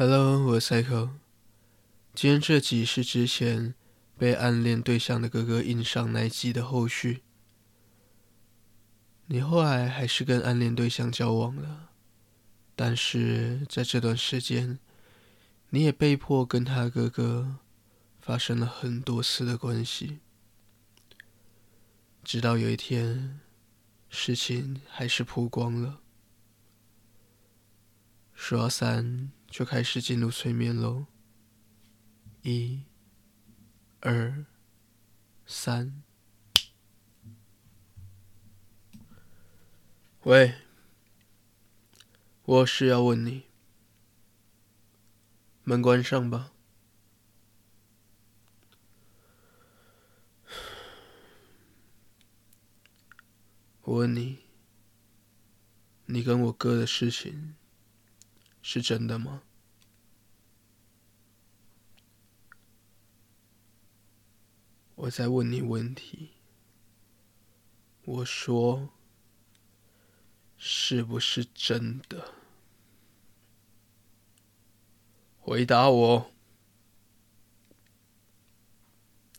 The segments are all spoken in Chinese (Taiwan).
Hello，我是賽克。今天這集是之前被暗戀對象的哥哥硬上那一集的後續。你後來還是跟暗戀對象交往了，但是在這段時間，你也被迫跟他哥哥發生了很多次的關係，直到有一天，事情還是曝光了，耍三。就開始進入催眠嘍，一、二、三。喂，我有事要問你。門關上吧。我問你，你跟我哥的事情，是真的嗎？我在問你問題。我說，是不是真的？回答我。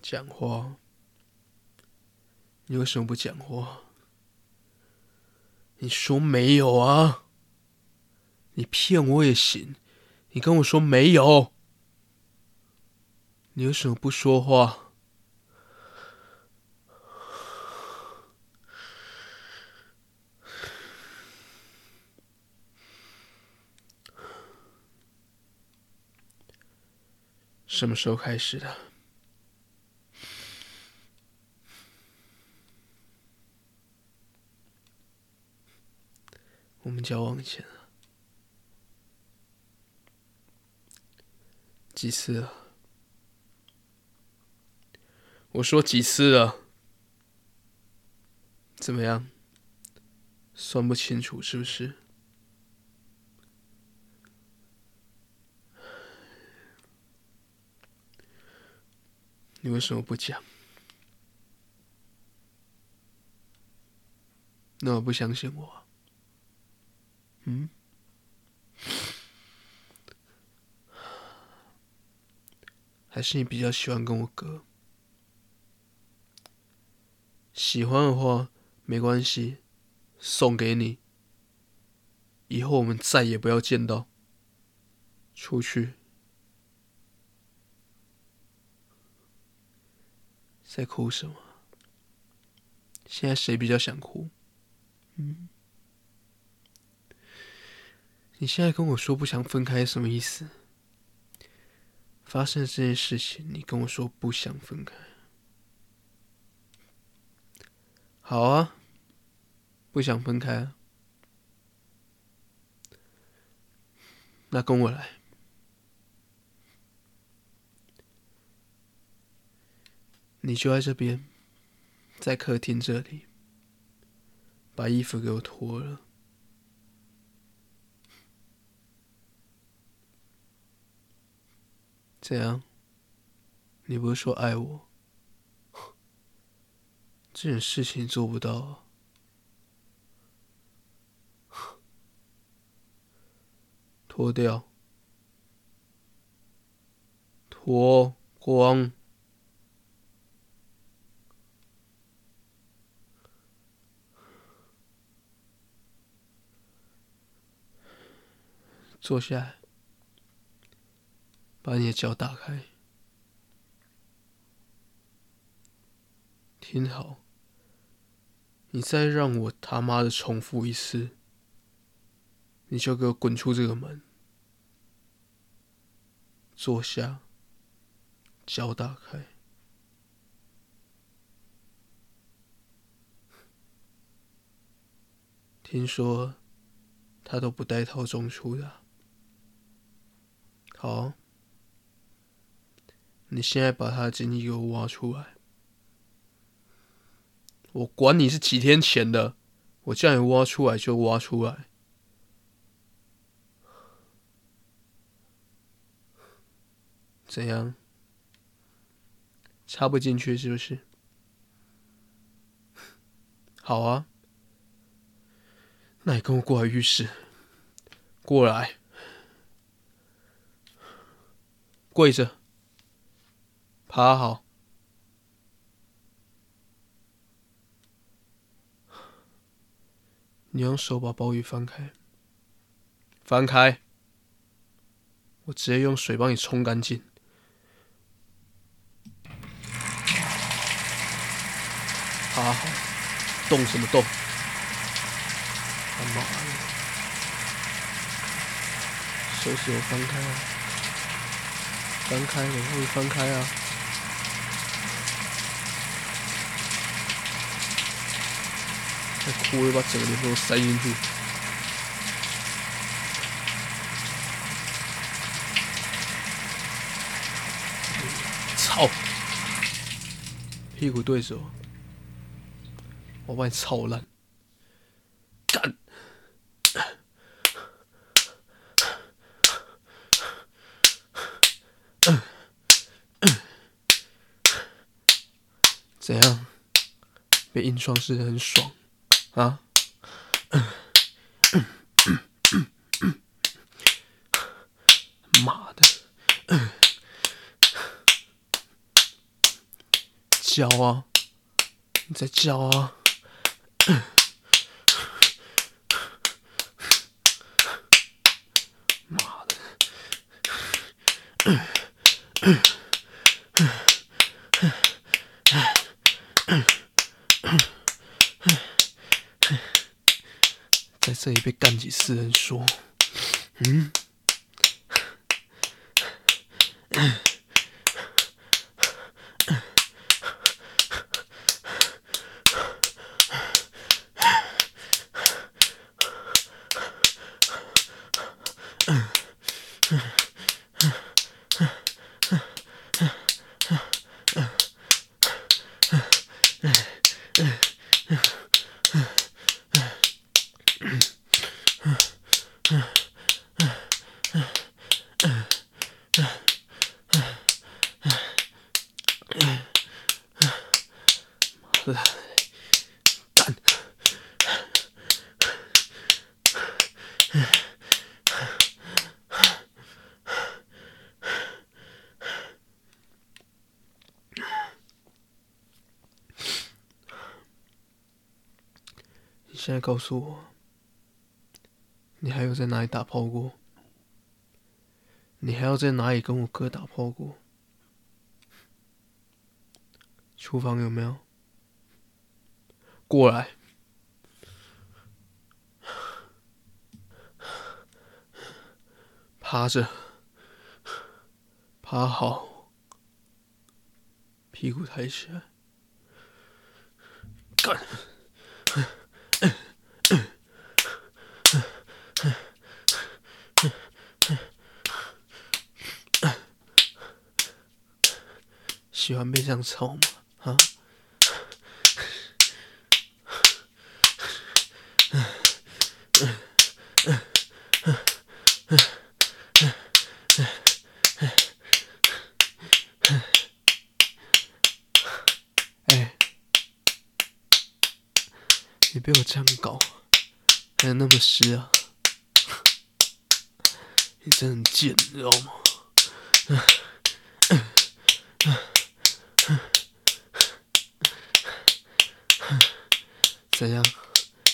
講話。你為什麼不講話？你說沒有啊。你騙我也行，你跟我說沒有，你為什麼不說話？什麼時候開始的？我們交往前了。幾次了？我說幾次了？怎麼樣？算不清楚是不是？你為什麼不講？那我不相信我啊。嗯。還是你比較喜歡跟我哥？喜歡的話沒關係，送給你。以後我們再也不要見到。出去。在哭什麼？現在誰比較想哭？嗯。你現在跟我說不想分開是什麼意思？發生這件事情，你跟我說不想分開，好啊，不想分開啊，那跟我來，你就在這邊，在客廳這裡，把衣服給我脫了。怎樣？你不是說愛我？這種事情做不到啊。脫掉，脫光，坐下。把你的腳打開，聽好。你再讓我他媽的重複一次，你就給我滾出這個門。坐下，腳打開。聽說他都不帶套中出的，好。你現在把他的精液給我挖出來！我管你是幾天前的，我叫你挖出來就挖出來。怎樣？插不進去是不是？好啊，那你跟我過來浴室，過來，跪着。趴好，你用手把鮑魚翻開，翻開，我直接用水幫你沖乾淨。趴好，動什麼動？幹嘛呀！手也翻開啊，翻開，鮑魚翻開啊。哭！我把整個臉都塞進去。操！屁股對手，我把你操爛！幹！怎樣？被硬上是很爽。啊、嗯嗯嗯嗯嗯！媽的、嗯！叫啊！你在叫啊！嗯、媽的！嗯嗯被幹幾次人說？嗯，嗯，嗯，嗯，嗯，嗯現在告訴我，你還有在哪裡打炮過？你還要在哪裡跟我哥打炮過？廚房有沒有？過來，趴着，趴好，屁股抬起來，幹。還沒這樣抽嗎？啊！哎，嗯嗯嗯嗯嗯嗯欸，你被我這樣搞，還能那麼濕啊？你真很賤，你知道嗎？嗯嗯嗯怎樣？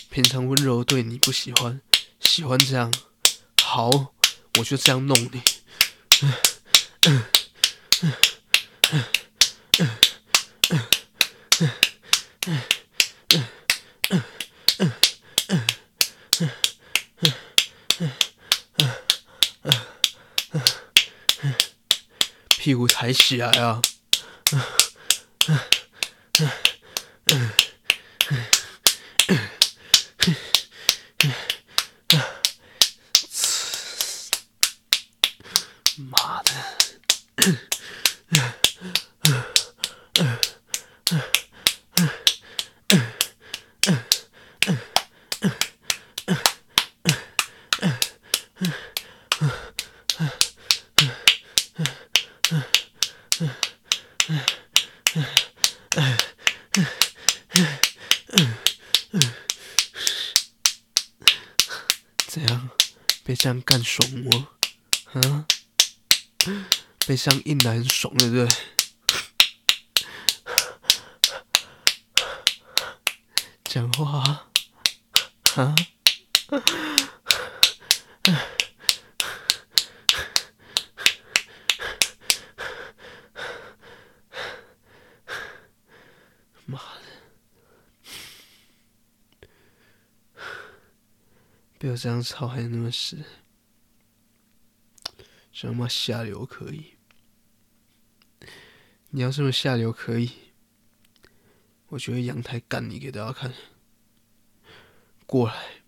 平常溫柔對你不喜歡，喜歡這樣。好，我就這樣弄你。 屁股抬起來啊嗯怎樣？別這樣幹爽我，啊？被上硬來爽對不對？講話，啊？啊？被我這樣操，還那麼濕，什麼下流可以？你要這麼下流可以？我覺得陽台幹你，給大家看。過來，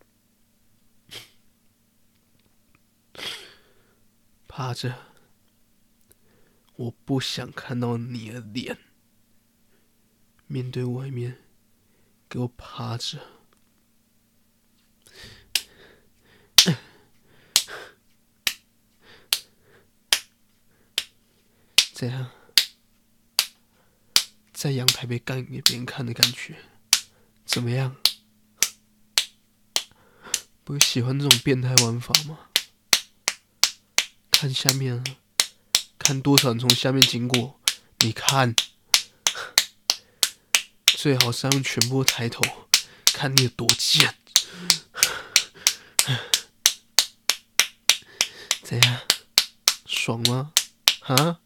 趴 着。我不想看到你的臉，面對外面，給我趴着。怎樣，在陽台被幹給別人看的感覺，怎麼樣？不是喜歡這種變態玩法嗎？看下面，看多少人從下面經過，你看，最好是讓全部抬頭，看你有多賤。怎樣？爽嗎？啊？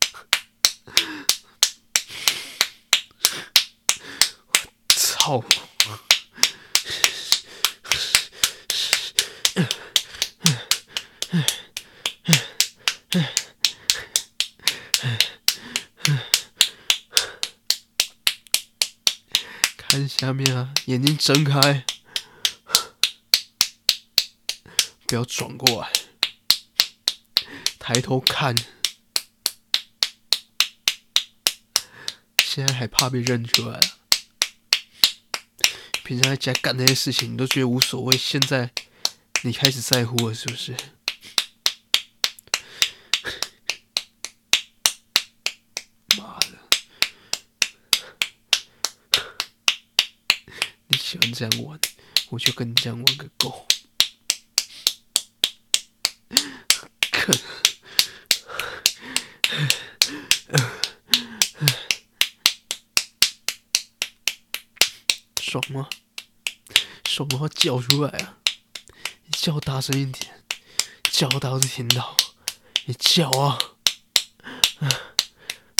看下面啊，眼睛睜開，不要轉過來，抬頭看，現在還怕被認出來了？平常在家幹那些事情，你都覺得無所謂。現在，你開始在乎了，是不是？媽的！你喜歡這樣玩，我就跟你這樣玩個夠。爽嗎？爽的話叫出來啊！你叫大聲一點，叫到我聽到。你叫啊，啊，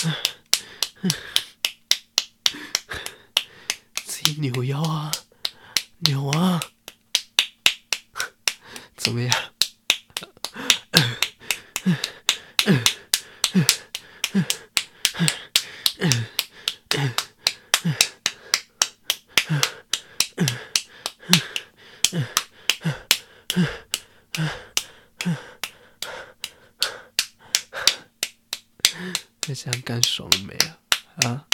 啊，啊！自己扭腰啊，扭啊！啊怎麼樣、啊？啊啊啊啊啊想幹爽了沒啊啊，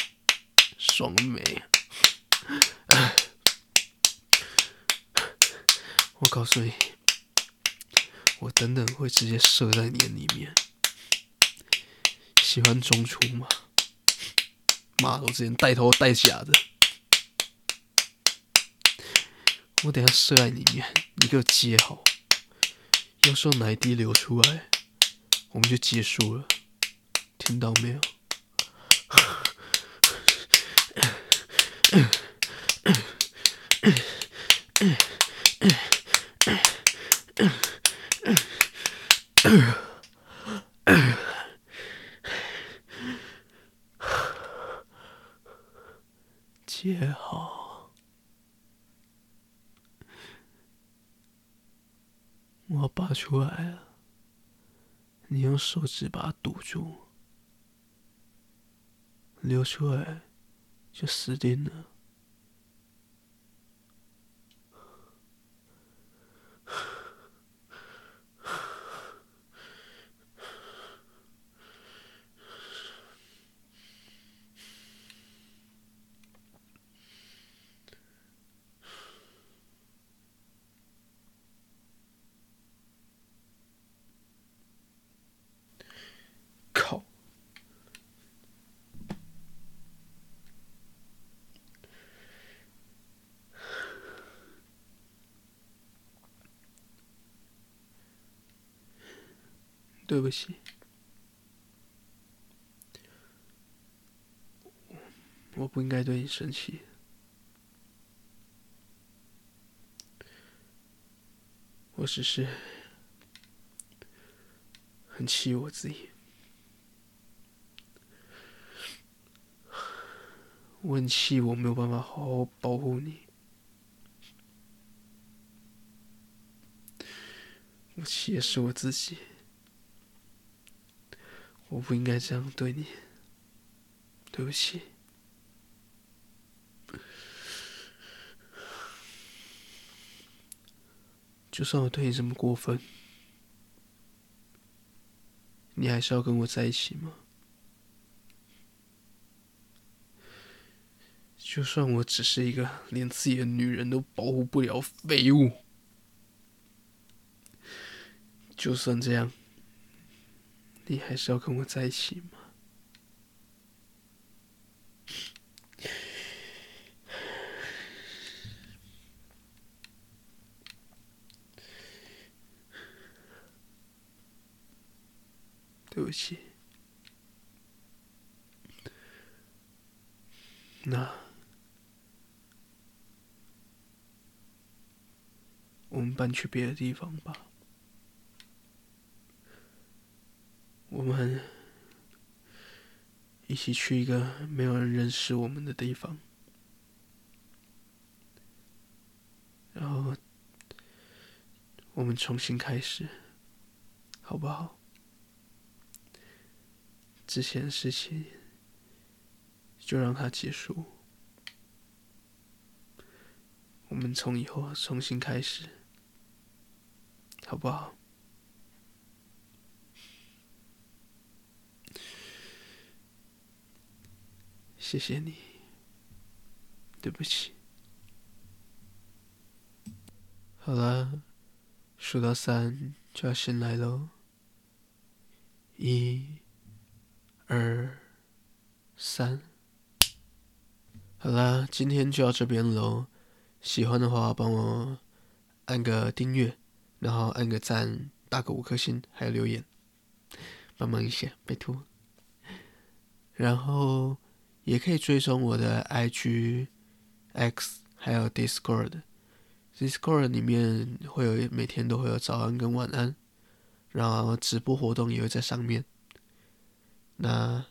爽、啊、沒！爽了沒啊、 我告訴你，我等等會直接射在你的裡面。喜歡中出嗎？媽的，我之前帶頭帶假的。我等下射在裡面，你給我接好。要是哪一滴流出來，我們就結束了。聽到沒有？杰 好。我要拔出來了，你用手指把它堵住。流出來，就死定了。對不起，我不應該對你生氣。我只是很氣我自己，我很氣我沒有辦法好好保護你，我氣的是我自己。我不應該這樣對你，對不起。就算我對你這麼過分，你還是要跟我在一起嗎？就算我只是一個連自己的女人都保護不了廢物，就算這樣。你還是要跟我在一起嗎？對不起，那我們搬去別的地方吧。我們一起去一個沒有人認識我們的地方，然後我們重新開始，好不好？之前的事情就讓它結束，我們從以後重新開始，好不好？謝謝你，對不起。好了，數到三就要醒來嘍。一、二、三。好啦，今天就到這邊嘍。喜歡的話，幫我按個訂閱，然後按個讚，打個五顆星，還有留言，幫忙一些，拜托。然後。也可以追蹤我的 IG、X 還有 Discord，Discord 裡面會有每天都會有早安跟晚安，然後直播活動也會在上面。那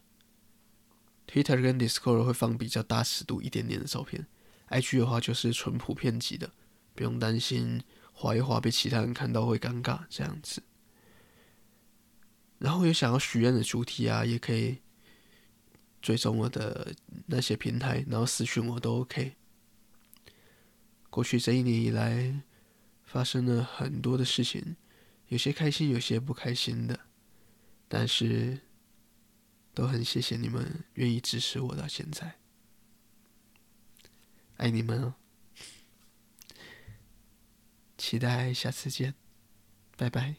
Twitter 跟 Discord 會放比較大尺度一點點的照片，IG 的話就是純普遍級的，不用擔心滑一滑被其他人看到會尷尬這樣子。然後有想要許願的主題啊，也可以，追蹤我的那些平台，然後私訊我都 OK。過去這一年以來，發生了很多的事情，有些開心，有些不開心的，但是都很謝謝你們願意支持我到現在。愛你們哦。期待下次見，拜拜。